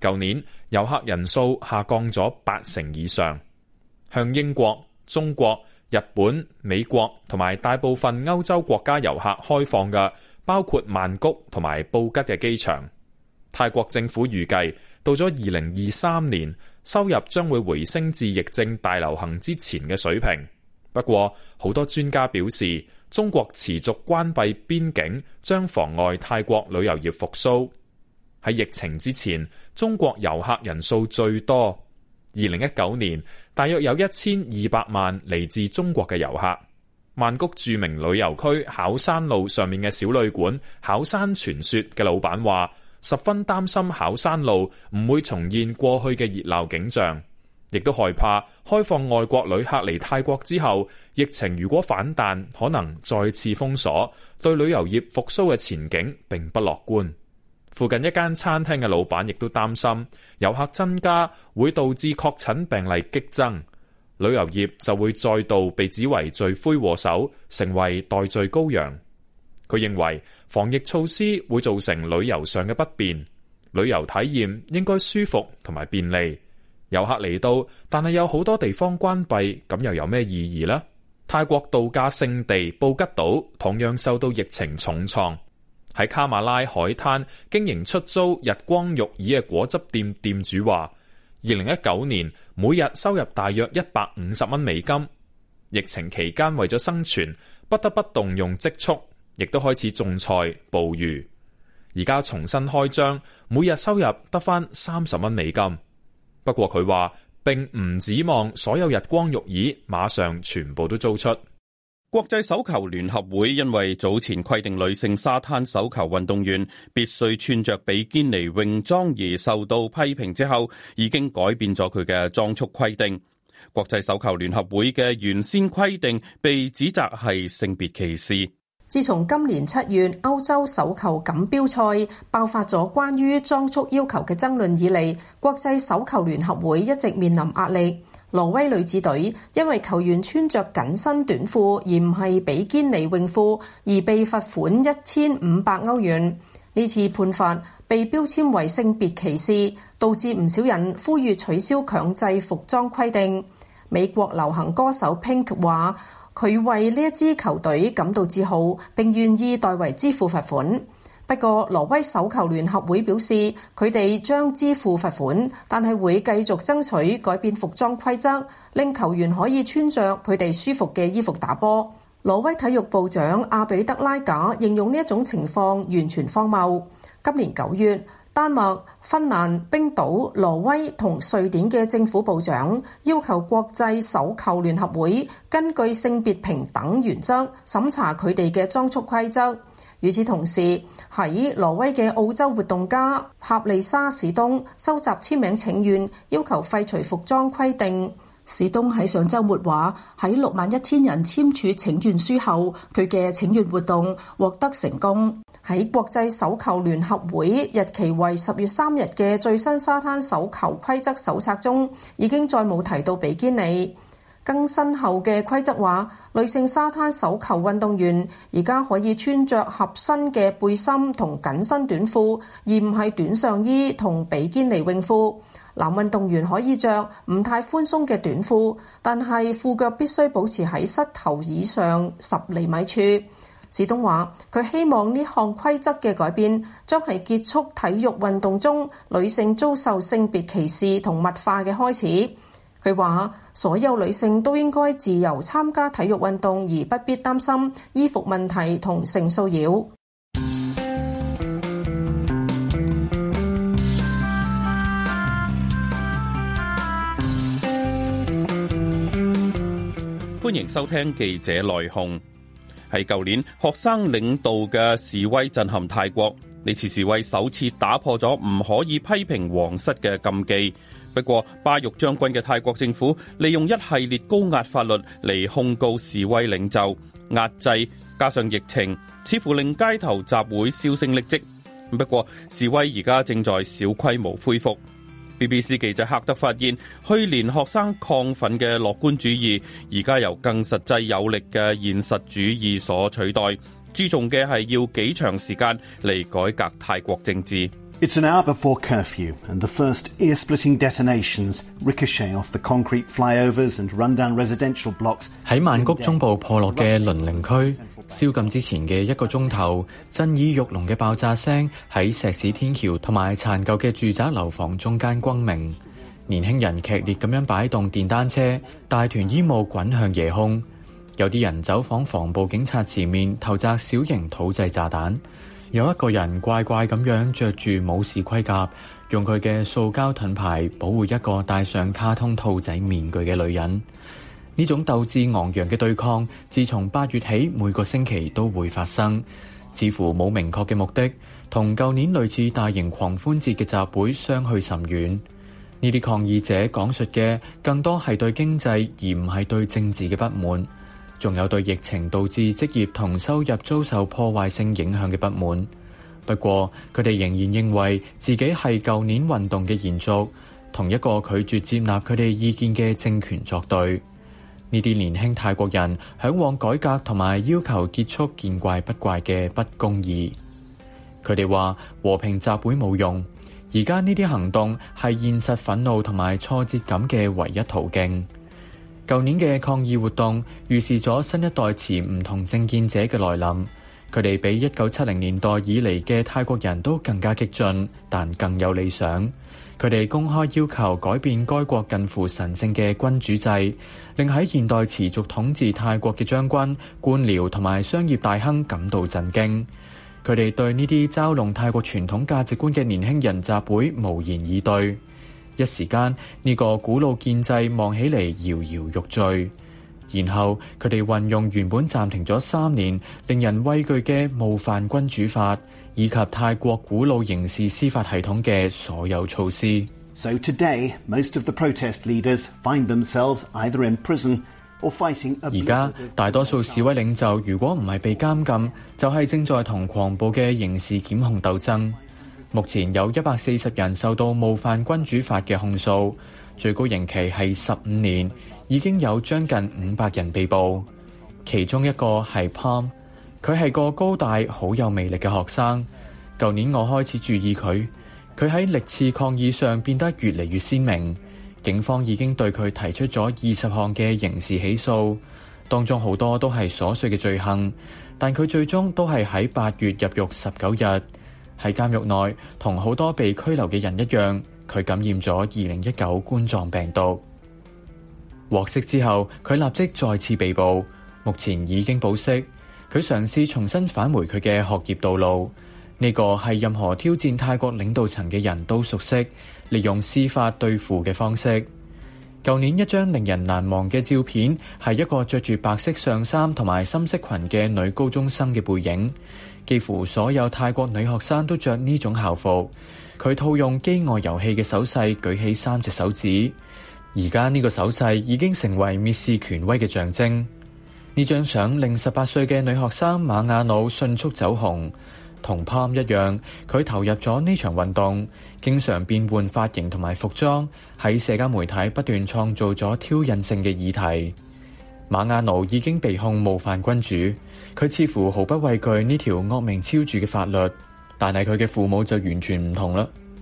舊年遊客人數下降咗八成以上。向英國、中國、日本、美國同埋大部分歐洲國家遊客開放嘅，包括曼谷同埋布吉嘅機場。泰國政府預計到咗二零二三年，收入將會回升至疫症大流行之前嘅水平。不過，好多專家表示，中國持續關閉邊境，將妨礙泰國旅遊業復蘇。喺疫情之前，中國遊客人數最多。二零一九年，大約有一千二百萬嚟自中國嘅遊客。曼谷著名旅遊區考山路上面嘅小旅館考山傳說嘅老闆話，十分擔心考山路唔會重現過去嘅熱鬧景象。亦都害怕開放外國旅客嚟泰國之後，疫情如果反彈，可能再次封鎖，對旅遊業復甦嘅前景並不樂觀。附近一間餐廳嘅老闆亦都擔心，遊客增加會導致確診病例激增，旅遊業就會再度被指為罪魁禍首，成為代罪羔羊。佢認為防疫措施會造成旅遊上嘅不便，旅遊體驗應該舒服同埋便利。.遊客嚟到，但係有好多地方關閉，咁又有咩意義呢？泰國度假勝地布吉島同樣受到疫情重創。喺卡馬拉海灘經營出租日光浴椅嘅果汁店店主話，二零一九年每日收入大約一百五十蚊美金，疫情期間為咗生存不得不動用積蓄，亦都開始種菜捕魚。而家重新開張，每日收入得返三十蚊美金。不過佢話並唔指望所有日光浴椅馬上全部都租出。國際手球聯合會因為早前規定女性沙灘手球運動員必須穿着比堅尼泳裝而受到批評之後，已經改變咗佢嘅裝束規定。國際手球聯合會嘅原先規定被指責係性別歧視。自從今年七月歐洲手球錦標賽爆發咗關於裝束要求嘅爭論以嚟，國際手球聯合會一直面臨壓力。挪威女子隊因為球員穿着緊身短褲而唔係比堅尼泳褲，而被罰款一千五百歐元。呢次判罰被標籤為性別歧視，導致唔少人呼籲取消強制服裝規定。美國流行歌手 Pink 話。佢為呢一支球隊感到自豪，並願意代為支付罰款。不過，挪威手球聯合會表示，佢哋將支付罰款，但係會繼續爭取改變服裝規則，令球員可以穿上佢哋舒服嘅衣服打波。挪威體育部長阿比德拉賈形容呢一種情況完全荒謬。今年九月，丹麥、芬蘭、冰島、挪威同瑞典嘅政府部長要求國際手球聯合會根據性別平等原則審查佢哋嘅裝束規則。與此同時，喺挪威嘅澳洲活動家塔利沙士東收集簽名請願，要求廢除服裝規定。史東喺上周末話，喺六萬一千人簽署請願書後，佢嘅請願活動獲得成功。喺國際手球聯合會日期為十月三日嘅最新沙灘手球規則手冊中，已經再冇提到比堅尼。更新後嘅規則話，女性沙灘手球運動員而家可以穿着合身嘅背心同緊身短褲，而唔係短上衣同比堅尼泳褲。男運動員可以着唔太寬鬆嘅短褲，但係褲腳必須保持喺膝頭以上十厘米處。史東話：佢希望呢項規則嘅改變，將係結束體育運動中女性遭受性別歧視同物化嘅開始。佢話：所有女性都應該自由參加體育運動，而不必擔心衣服問題同性騷擾。歡迎收聽記者來鴻。喺舊年學生領導嘅示威震撼泰國，呢次示威首次打破咗唔可以批評皇室嘅禁忌。不過巴育將軍嘅泰國政府利用一系列高壓法律嚟控告示威領袖，壓制加上疫情，似乎令街頭集會銷聲匿跡。不過示威而家正在小規模恢複。BBC 記者赫德發現，去年學生亢奮嘅樂觀主義，而家由更實際有力嘅現實主義所取代。注重嘅係要幾長時間嚟改革泰國政治。It's an hour before curfew, and the first ear splitting detonations ricochet off the concrete flyovers and rundown residential blocks. 喺曼谷中部破落嘅倫陵區。宵禁之前嘅一個鐘頭，震耳欲聾嘅爆炸聲喺石屎天橋同埋殘舊嘅住宅樓房中間轟鳴。年輕人劇烈咁樣擺動電單車，大團煙霧滾向夜空。有啲人走訪防暴警察前面投擲小型土製炸彈。有一個人怪怪咁樣着住武士盔甲，用佢嘅塑膠盾牌保護一個戴上卡通兔仔面具嘅女人。呢種鬥志昂揚嘅對抗，自從八月起每個星期都會發生，似乎冇明確嘅目的，同舊年類似大型狂歡節嘅集會相去甚遠。呢啲抗議者講述嘅更多係對經濟而唔係對政治嘅不滿，仲有對疫情導致職業同收入遭受破壞性影響嘅不滿。不過，佢哋仍然認為自己係舊年運動嘅延續，同一個拒絕接納佢哋意見嘅政權作對。呢啲年輕泰國人向往改革同埋要求結束見怪不怪嘅不公義。佢哋話和平集會冇用，而家呢啲行動係現實憤怒同埋挫折感嘅唯一途徑。舊年嘅抗議活動預示咗新一代持唔同政見者嘅來臨。佢哋比一九七零年代以嚟嘅泰國人都更加激進，但更有理想。佢哋公開要求改變該國近乎神聖嘅君主制，令喺現代持續統治泰國嘅將軍、官僚同埋商業大亨感到震驚。佢哋對呢啲嘲弄泰國傳統價值觀嘅年輕人集會無言以對。一時間，呢個古老建制望起嚟搖搖欲墜。然後，佢哋運用原本暫停咗三年、令人畏懼嘅冒犯君主法。以及泰國古老刑事司法系統嘅所有措施。而家、so、大多數示威領袖如果唔係被監禁，就係、是、正在同狂暴嘅刑事檢控鬥爭。目前有一百四十人受到冒犯君主法嘅控訴，最高刑期係十五年，已經有將近五百人被捕，其中一個係 Palm。佢係個高大、好有魅力嘅學生。舊年我開始注意佢，佢喺歷次抗議上變得越嚟越鮮明。警方已經對佢提出咗二十項嘅刑事起訴，當中好多都係瑣碎嘅罪行。但佢最終都係喺八月入獄十九日。喺監獄內，同好多被拘留嘅人一樣，佢感染咗二零一九冠狀病毒。獲釋之後，佢立即再次被捕，目前已經保釋。佢嘗試重新返回佢嘅學業道路，呢個係任何挑戰泰國領導層嘅人都熟悉，利用司法對付嘅方式。舊年一張令人難忘嘅照片係一個着住白色上衫同埋深色裙嘅女高中生嘅背影，幾乎所有泰國女學生都着呢種校服。佢套用饑餓遊戲嘅手勢舉起三隻手指，而家呢個手勢已經成為蔑視權威嘅象徵。呢張相令十八歲嘅女學生瑪亞奴迅速走紅，同潘一樣，佢投入咗呢場運動，經常變換髮型同埋服裝，喺社交媒體不斷創造咗挑釁性嘅議題。瑪亞奴已經被控冒犯君主，佢似乎毫不畏懼呢條惡名昭著嘅法律，但係佢嘅父母就完全唔同啦。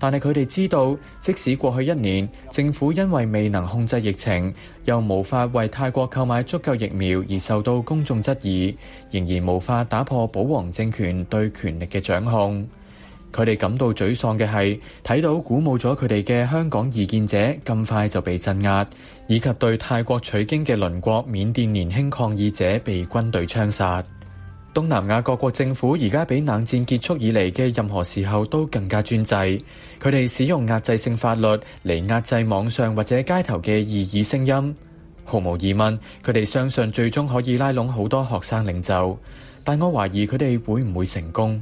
但係佢哋知道，即使過去一年，政府因為未能控制疫情，又無法為泰國購買足夠疫苗而受到公眾質疑，仍然無法打破保皇政權對權力嘅掌控。佢哋感到沮喪嘅係，睇到鼓舞咗佢哋嘅香港異見者咁快就被鎮壓，以及對泰國取經嘅鄰國緬甸年輕抗議者被軍隊槍殺。東南亞各國政府而家比冷戰結束以嚟嘅任何時候都更加專制，佢哋使用壓制性法律嚟壓制網上或者街頭嘅異議聲音。毫無疑問，佢哋相信最終可以拉攏好多學生領袖，但我懷疑佢哋會唔會成功。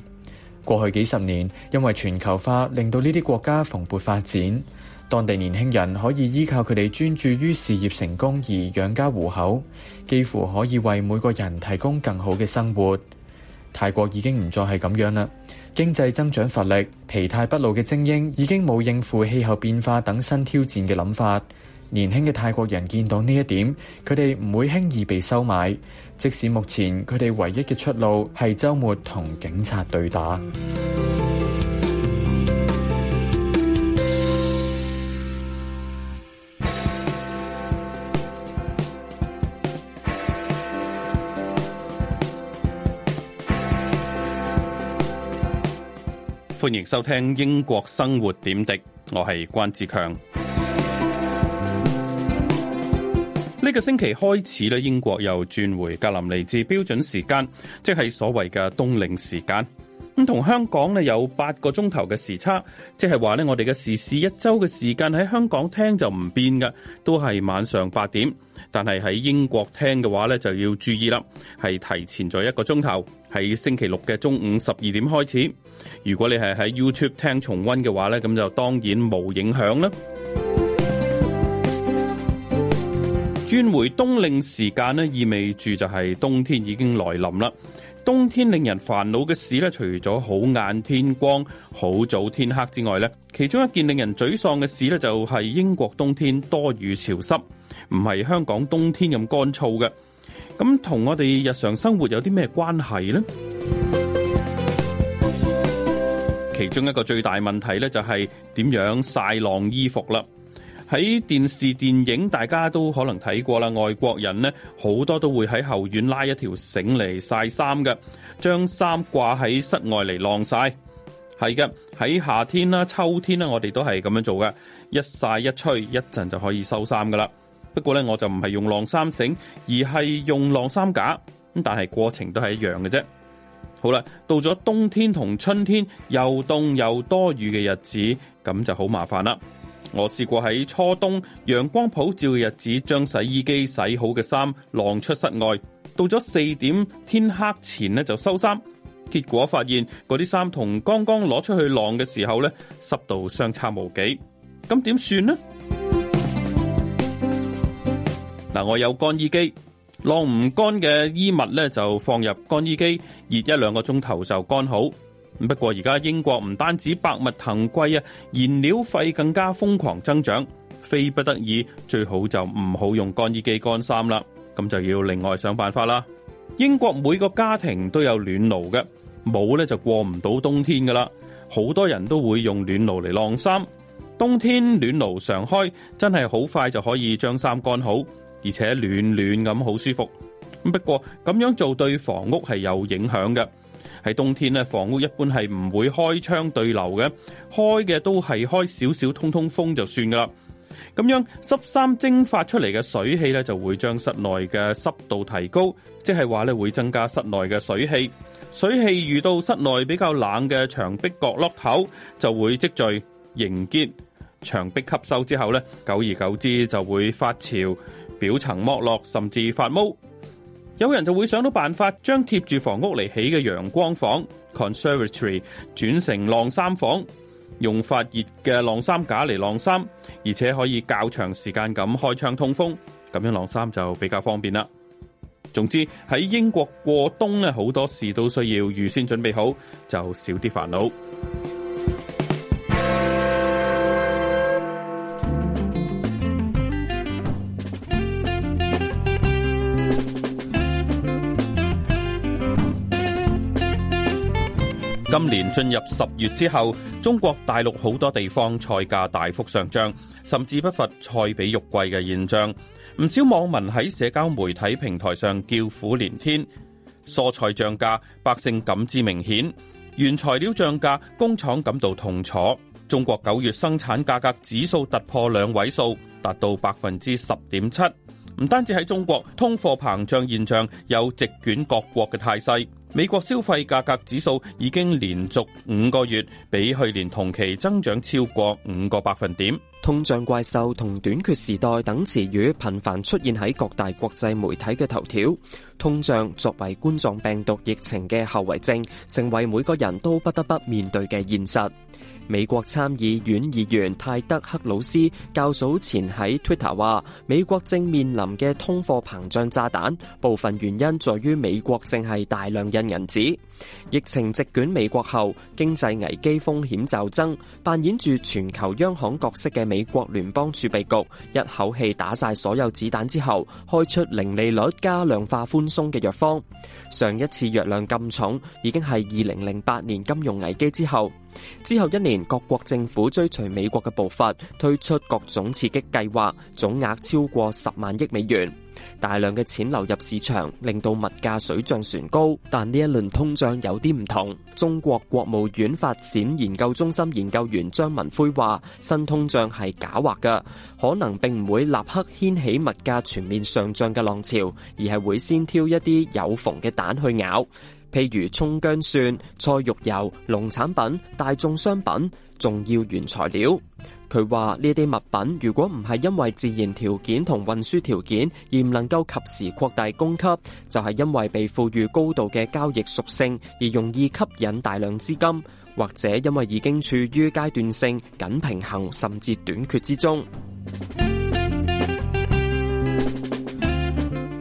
過去幾十年，因為全球化令到呢啲國家蓬勃發展。當地年輕人可以依靠佢哋專注於事業成功而養家糊口，幾乎可以為每個人提供更好嘅生活。泰國已經唔再係咁樣啦，經濟增長乏力，疲態不露嘅精英已經冇應付氣候變化等新挑戰嘅諗法。年輕嘅泰國人見到呢一點，佢哋唔會輕易被收買，即使目前佢哋唯一嘅出路係週末同警察對打。歡迎收聽英國生活點滴。我係關志強。呢個星期開始咧，英國又轉回格林尼治標準時間，即係所謂嘅冬令時間。咁同香港咧，有八個鐘頭嘅時差，即係話咧，我哋嘅時事一周嘅時間喺香港聽就唔變㗎，都係晚上八點。但係喺英國聽嘅話呢，就要注意啦，係提前咗一個鐘頭，喺星期六嘅中午十二點開始。如果你係喺 YouTube 聽重溫嘅話呢，咁就當然冇影響啦。轉回冬令時間呢，意味住就係冬天已經來臨啦。冬天令人煩惱嘅事呢，除咗好晏天光、好早天黑之外呢，其中一件令人沮喪嘅事呢，就係英國冬天多雨潮濕。唔係香港冬天咁乾燥嘅，咁同我哋日常生活有啲咩關係呢？其中一個最大問題呢，就係點樣曬晾衣服啦。喺電視電影，大家都可能睇過啦。外國人呢，好多都會喺後院拉一條繩嚟晒衫嘅將衫掛喺室外嚟晾曬。係嘅，喺夏天啦、秋天啦，我哋都係咁樣做嘅，一曬一吹，一陣就可以收衫噶啦。不過咧，我就唔係用晾衫繩，而係用晾衫架，但係過程都係一樣嘅啫。好啦，到咗冬天同春天，又凍又多雨嘅日子，咁就好麻煩啦。我試過喺初冬，陽光普照嘅日子，將洗衣機洗好嘅衫晾出室外，到咗四點天黑前呢就收衫，結果發現嗰啲衫同剛剛攞出去晾嘅時候呢，濕度相差無幾，咁點算呢？嗱，我有乾衣機，晾唔乾嘅衣物咧就放入乾衣機，熱一兩個鐘頭就乾好。不過而家英國唔單止百物騰貴啊，燃料費更加瘋狂增長，非不得已最好就唔好用乾衣機乾衫啦。咁就要另外想辦法啦。英國每個家庭都有暖爐嘅，冇咧就過唔到冬天噶啦。好多人都會用暖爐嚟晾衫，冬天暖爐常開，真係好快就可以將衫乾好。而且暖暖咁，好舒服。不過咁樣做對房屋係有影響嘅。喺冬天咧，房屋一般係唔會開窗對流嘅，開嘅都係開少少通通風就算噶啦。咁樣濕衫蒸發出嚟嘅水氣咧，就會將室內嘅濕度提高，即係話咧會增加室內嘅水氣。水氣遇到室內比較冷嘅牆壁角落口，就會積聚凝結，牆壁吸收之後咧，久而久之就會發潮。表層剝落甚至發毛，有人就會想到辦法，將貼住房屋嚟起嘅陽光房 （conservatory） 轉成晾衫房，用發熱嘅晾衫架嚟晾衫，而且可以較長時間咁開窗通風，咁樣晾衫就比較方便啦。總之喺英國過冬咧，好多事都需要預先準備好，就少啲煩惱。今年進入十月之後，中國大陸好多地方菜價大幅上漲，甚至不乏菜比肉貴嘅現象。唔少網民喺社交媒體平台上叫苦連天，蔬菜漲價，百姓感知明顯；原材料漲價，工廠感到痛楚。中國九月生產價格指數突破兩位數，達到百分之十點七。唔單止喺中國，通貨膨脹現象有席捲各國嘅態勢。美國消費價格指數已經連續五個月比去年同期增長超過五個百分點。通脹怪獸同短缺時代等詞語頻繁出現喺各大國際媒體嘅頭條。通脹作為冠狀病毒疫情嘅後遺症，成為每個人都不得不面對嘅現實。美國參議院議員泰德克魯斯較早前喺 Twitter 話：美國正面臨嘅通貨膨脹炸彈，部分原因在於美國淨係大量印銀紙。疫情席捲美國後，經濟危機風險驟增，扮演住全球央行角色嘅美國聯邦儲備局，一口氣打晒所有子彈之後，開出零利率加量化寬鬆嘅藥方。上一次藥量咁重，已經係二零零八年金融危機之後。之後一年，各國政府追隨美國嘅步伐，推出各種刺激計劃，總額超過十萬億美元。大量嘅錢流入市場，令到物價水漲船高。但呢一輪通脹有啲唔同。中國國務院發展研究中心研究員張文輝話：新通脹係假話嘅，可能並唔會立刻掀起物價全面上漲嘅浪潮，而係會先挑一啲有縫嘅蛋去咬，譬如蔥薑蒜、菜肉油、農產品、大眾商品、重要原材料。佢話呢啲物品，如果唔係因為自然條件同運輸條件而唔能夠及時擴大供給，就係、是、因為被賦予高度嘅交易屬性而容易吸引大量資金，或者因為已經處於階段性緊平衡甚至短缺之中。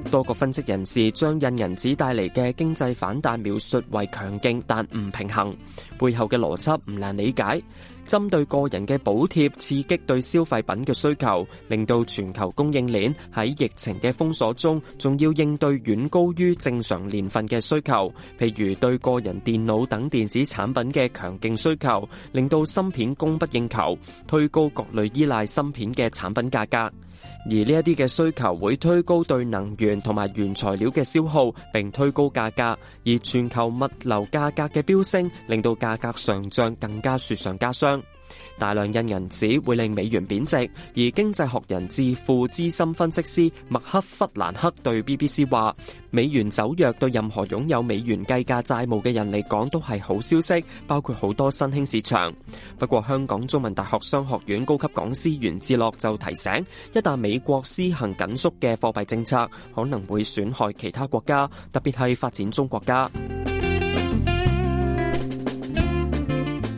多個分析人士將印人紙帶嚟嘅經濟反彈描述為強勁但唔平衡，背後嘅邏輯唔難理解。針對個人嘅補貼刺激對消費品嘅需求，令到全球供應鏈喺疫情嘅封鎖中仲要應對遠高於正常年份嘅需求，譬如對個人電腦等電子產品嘅強勁需求令到芯片供不應求，推高各類依賴芯片嘅產品價格。而呢一啲嘅需求會推高對能源同埋原材料嘅消耗，並推高價格，而全球物流價格嘅飆升，令到價格上漲更加雪上加霜。大量印銀紙會令美元貶值，而經濟學人智庫資深分析師麥克弗蘭克對 BBC 話美元走弱對任何擁有美元計價債務嘅人嚟講都係好消息，包括好多新興市場。不過香港中文大學商學院高級講師袁志樂就提醒：一旦美國施行緊縮嘅貨幣政策，可能會損害其他國家，特別係發展中國家。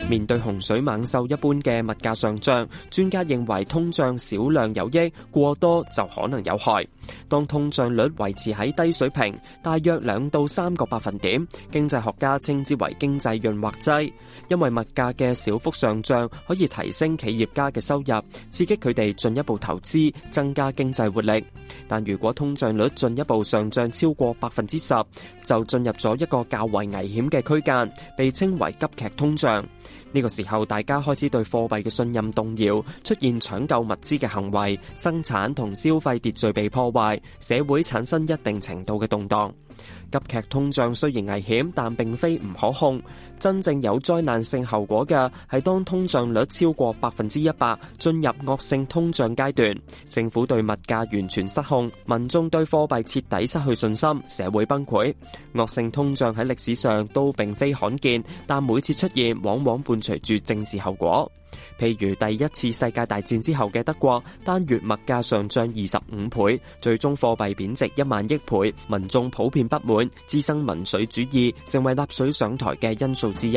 面對洪水猛獸一般嘅物價上漲，專家認為通脹少量有益，過多就可能有害。當通脹率維持喺低水平，大約兩到三個百分點，經濟學家稱之為經濟潤滑劑，因為物價嘅小幅上漲可以提升企業家嘅收入，刺激佢哋進一步投資，增加經濟活力。但如果通脹率進一步上漲超過百分之十，就進入咗一個較為危險嘅區間，被稱為急劇通脹。呢個時候，大家開始對貨幣嘅信任動搖，出現搶購物資嘅行為，生產同消費秩序被破壞，社會產生一定程度嘅動盪。急劇通脹雖然危險，但並非唔可控。真正有災難性後果嘅係當通脹率超過百分之一百，進入惡性通脹階段，政府對物價完全失控，民眾對貨幣徹底失去信心，社會崩潰。惡性通脹喺歷史上都並非罕見，但每次出現往往伴隨住政治後果。譬如第一次世界大戰之後嘅德國，單月物價上漲二十五倍，最終貨幣貶值一萬億倍，民眾普遍不滿。滋生民粹主義，成為納粹上台嘅因素之一。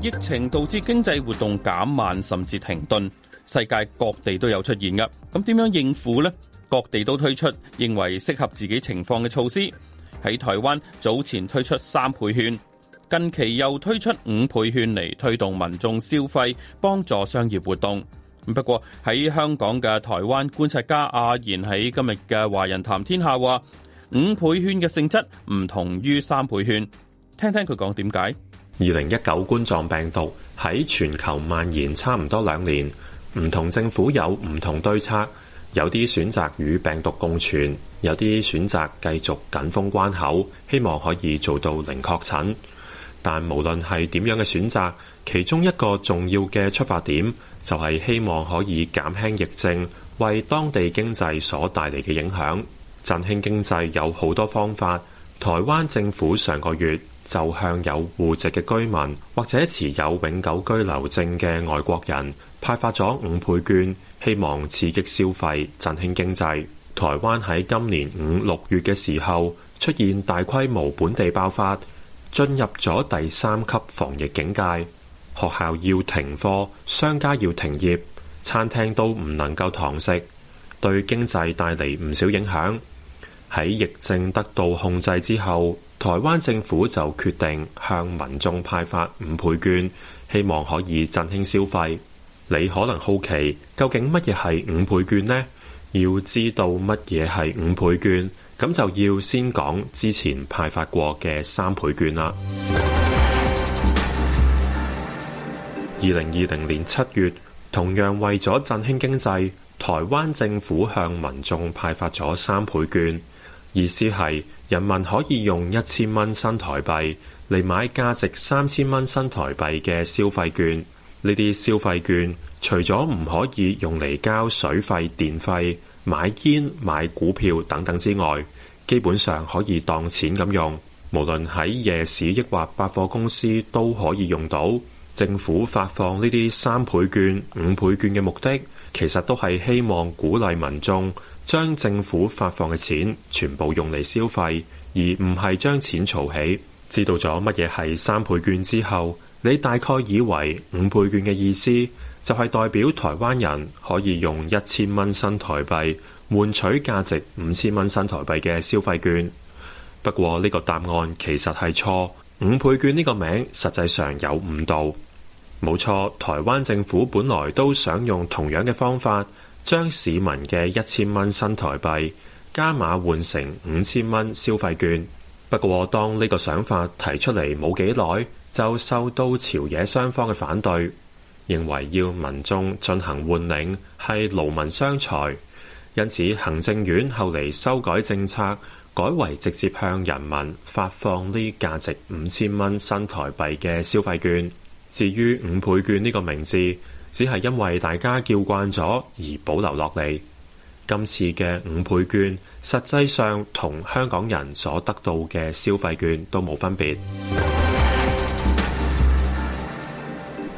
疫情導致經濟活動減慢甚至停頓，世界各地都有出現嘅。咁點樣應付呢？各地都推出認為適合自己情況嘅措施。喺台灣早前推出三倍券。近期又推出五倍券嚟推動民眾消費，幫助商業活動。不過喺香港嘅台灣觀察家阿賢喺今日嘅《華人談天下》話，五倍券嘅性質唔同於三倍券。聽聽佢講點解？二零一九冠狀病毒喺全球蔓延差唔多兩年，唔同政府有唔同對策，有啲選擇與病毒共存，有啲選擇繼續緊封關口，希望可以做到零確診。但無論係點樣嘅選擇，其中一個重要嘅出發點就係希望可以減輕疫症為當地經濟所帶嚟嘅影響。振興經濟有好多方法。台灣政府上個月就向有戶籍嘅居民或者持有永久居留證嘅外國人派發咗五倍券，希望刺激消費，振興經濟。台灣喺今年五六月嘅時候出現大規模本地爆發。進入咗第三級防疫警戒，學校要停課，商家要停業，餐廳都唔能夠堂食，對經濟帶嚟唔少影響。喺疫症得到控制之後，台灣政府就決定向民眾派發五倍券，希望可以振興消費。你可能好奇，究竟乜嘢係五倍券呢？要知道乜嘢係五倍券。咁就要先講之前派發過嘅三倍券啦。二零二零年七月，同樣為咗振興經濟，台灣政府向民眾派發咗三倍券，意思係人民可以用一千蚊新台幣嚟買價值三千蚊新台幣嘅消費券。呢啲消費券除咗唔可以用嚟交水費、電費、買煙、買股票等等之外，基本上可以當錢咁用，無論喺夜市抑或百貨公司都可以用到。政府發放呢啲三倍券、五倍券嘅目的，其實都係希望鼓勵民眾將政府發放嘅錢全部用嚟消費，而唔係將錢儲起。知道咗乜嘢係三倍券之後，你大概以為五倍券嘅意思。就係代表台灣人可以用一千蚊新台幣換取價值五千蚊新台幣嘅消費券。不過呢個答案其實係錯。五倍券呢個名實際上有誤導。冇錯，台灣政府本來都想用同樣嘅方法，將市民嘅一千蚊新台幣加碼換成五千蚊消費券。不過當呢個想法提出嚟冇幾耐，就受到朝野雙方嘅反對。認為要民眾進行換領，係勞民傷財，因此行政院後嚟修改政策，改為直接向人民發放呢價值五千蚊新台幣嘅消費券。至於五倍券呢個名字，只係因為大家叫慣咗而保留落嚟。今次嘅五倍券，實際上同香港人所得到嘅消費券都冇分別。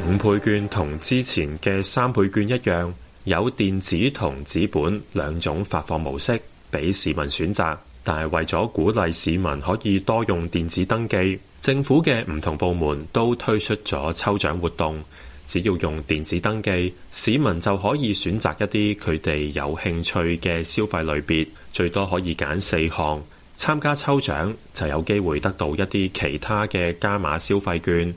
五倍券同之前嘅三倍券一樣，有電子同紙本兩種發放模式俾市民選擇。但係為咗鼓勵市民可以多用電子登記，政府嘅唔同部門都推出咗抽獎活動。只要用電子登記，市民就可以選擇一啲佢哋有興趣嘅消費類別，最多可以揀四項參加抽獎，就有機會得到一啲其他嘅加碼消費券。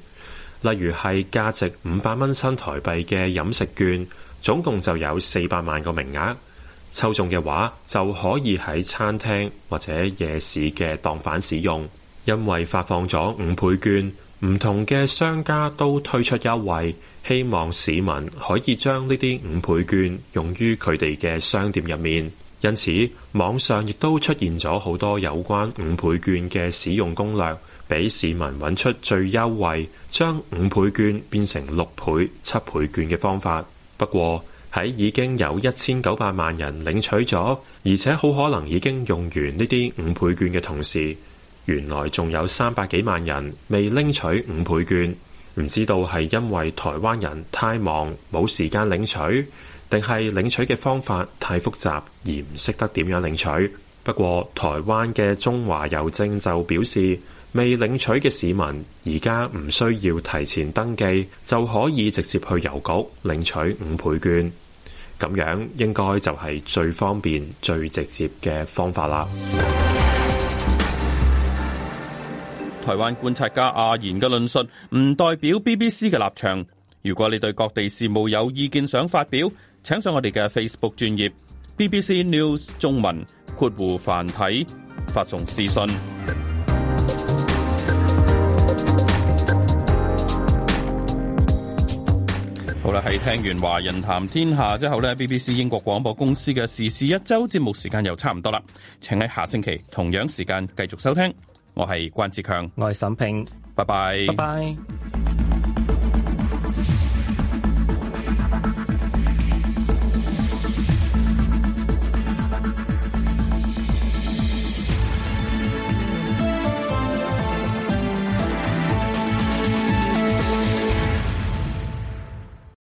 例如係價值五百蚊新台幣嘅飲食券，總共就有四百萬個名額，抽中嘅話就可以喺餐廳或者夜市嘅檔販使用。因為發放咗五倍券，唔同嘅商家都推出優惠，希望市民可以將呢啲五倍券用於佢哋嘅商店入面。因此，網上亦都出現咗好多有關五倍券嘅使用攻略。俾市民揾出最優惠，將五倍券變成六倍、七倍券嘅方法。不過，喺已經有一千九百萬人領取咗，而且好可能已經用完呢啲五倍券嘅同時，原來仲有三百幾萬人未領取五倍券，唔知道係因為台灣人太忙，冇時間領取，定係領取嘅方法太複雜，而唔識得點樣領取。不過，台灣嘅中華郵政就表示，未領取嘅市民而家唔需要提前登記，就可以直接去郵局領取五倍券。咁樣應該就係最方便、最直接嘅方法啦。台灣觀察家阿賢嘅論述唔代表 BBC 嘅立場。如果你對各地事務有意見想發表，請上我哋嘅 Facebook 專頁 BBC News 中文，括弧繁體發送私信。好啦，係聽完華人談天下之後呢，BBC 英國廣播公司嘅時事一周節目時間又差唔多啦，請喺下星期同樣時間繼續收聽。我係關志強，我係沈平，拜拜 bye，拜拜。